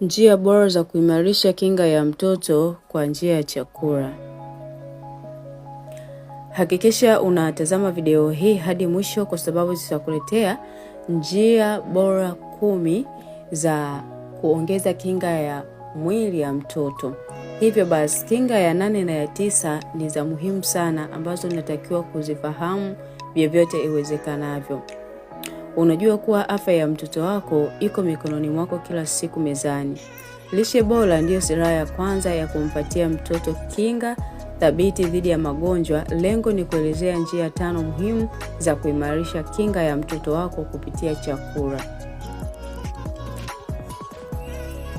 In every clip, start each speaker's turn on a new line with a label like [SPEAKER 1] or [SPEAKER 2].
[SPEAKER 1] Njia bora za kuimarisha kinga ya mtoto kwa njia ya chakula. Hakikisha unatazama video hii hadi mwisho kwa sababu zitakuletea njia bora kumi za kuongeza kinga ya mwili ya mtoto. Hivyo basi, kinga ya nane na ya tisa ni za muhimu sana ambazo unatakiwa kuzifahamu vyovyote iwezekanavyo. Unajua kuwa afya ya mtoto wako iko mikononi mwako kila siku mezani. Lishe bora ndiyo silaha ya kwanza ya kumpatia mtoto kinga thabiti dhidi ya magonjwa. Lengo ni kuelezea njia tano muhimu za kuimarisha kinga ya mtoto wako kupitia chakula.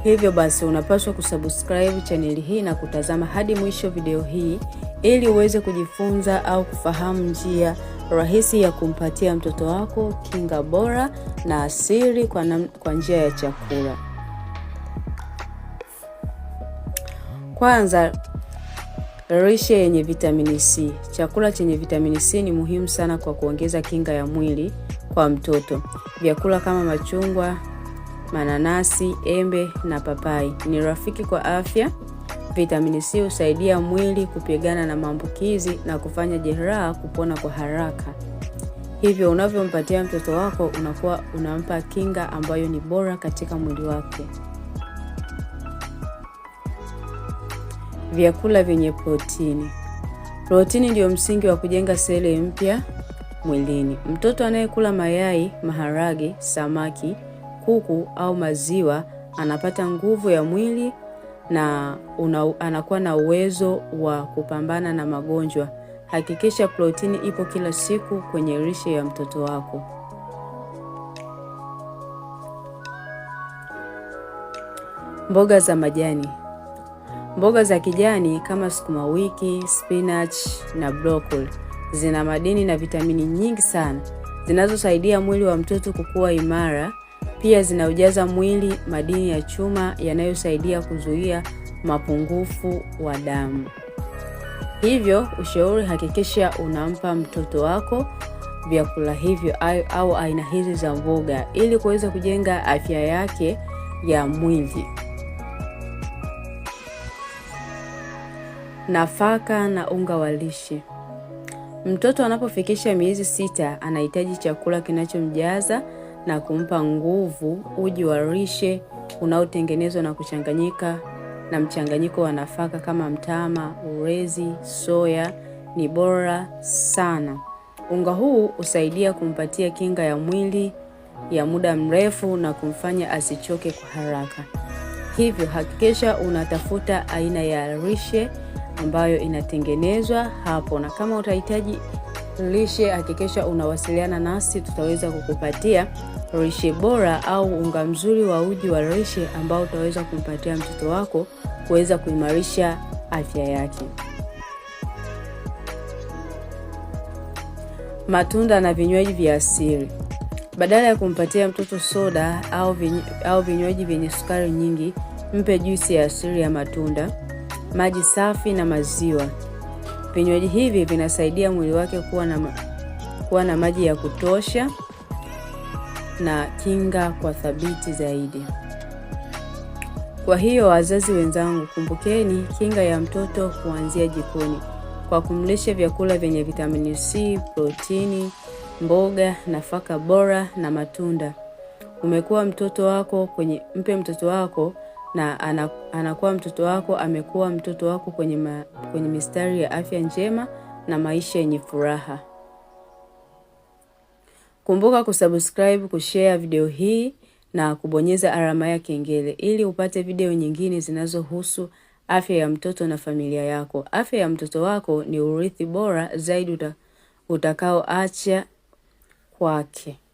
[SPEAKER 1] Hivyo basi unapaswa kusubscribe chaneli hii na kutazama hadi mwisho video hii ili uweze kujifunza au kufahamu njia rahisi ya kumpatia mtoto wako kinga bora na asili kwa, kwa njia ya chakula. Kwanza, lishe yenye vitamini C. Chakula chenye vitamini C ni muhimu sana kwa kuongeza kinga ya mwili kwa mtoto. Vyakula kama machungwa, mananasi, embe na papai ni rafiki kwa afya Vitamini C husaidia mwili kupigana na maambukizi na kufanya jeraha kupona kwa haraka. Hivyo unavyompatia mtoto wako unakuwa unampa kinga ambayo ni bora katika mwili wake. Vyakula vyenye protini. Protini ndiyo msingi wa kujenga seli mpya mwilini. Mtoto anayekula mayai, maharage, samaki, kuku au maziwa anapata nguvu ya mwili na una, anakuwa na uwezo wa kupambana na magonjwa. Hakikisha protini ipo kila siku kwenye lishe ya mtoto wako. Mboga za majani. Mboga za kijani kama sukuma wiki, spinach na broccoli zina madini na vitamini nyingi sana zinazosaidia mwili wa mtoto kukua imara pia zinaujaza mwili madini ya chuma yanayosaidia kuzuia mapungufu wa damu. Hivyo ushauri, hakikisha unampa mtoto wako vyakula hivyo au aina hizi za mboga ili kuweza kujenga afya yake ya mwili. Nafaka na unga wa lishe. Mtoto anapofikisha miezi sita anahitaji chakula kinachomjaza na kumpa nguvu uji wa rishe unaotengenezwa na kuchanganyika na mchanganyiko wa nafaka kama mtama, urezi soya ni bora sana. Unga huu husaidia kumpatia kinga ya mwili ya muda mrefu na kumfanya asichoke kwa haraka. Hivyo hakikisha unatafuta aina ya rishe ambayo inatengenezwa hapo, na kama utahitaji lishe, hakikisha unawasiliana nasi, tutaweza kukupatia lishe bora au unga mzuri wa uji wa lishe ambao utaweza kumpatia mtoto wako kuweza kuimarisha afya yake. Matunda na vinywaji vya asili. Badala ya kumpatia mtoto soda au vinywaji vyenye sukari nyingi, mpe juisi ya asili ya matunda, maji safi na maziwa. Vinywaji hivi vinasaidia mwili wake kuwa na, kuwa na maji ya kutosha na kinga kwa thabiti zaidi. Kwa hiyo wazazi wenzangu, kumbukeni kinga ya mtoto kuanzia jikoni kwa kumlisha vyakula vyenye vitamini C, protini, mboga, nafaka bora na matunda. Umekuwa mtoto wako kwenye, mpe mtoto wako na anakuwa mtoto wako amekuwa mtoto wako kwenye, ma, kwenye mistari ya afya njema na maisha yenye furaha. Kumbuka kusubscribe, kushare video hii na kubonyeza alama ya kengele ili upate video nyingine zinazohusu afya ya mtoto na familia yako. Afya ya mtoto wako ni urithi bora zaidi utakaoacha kwake.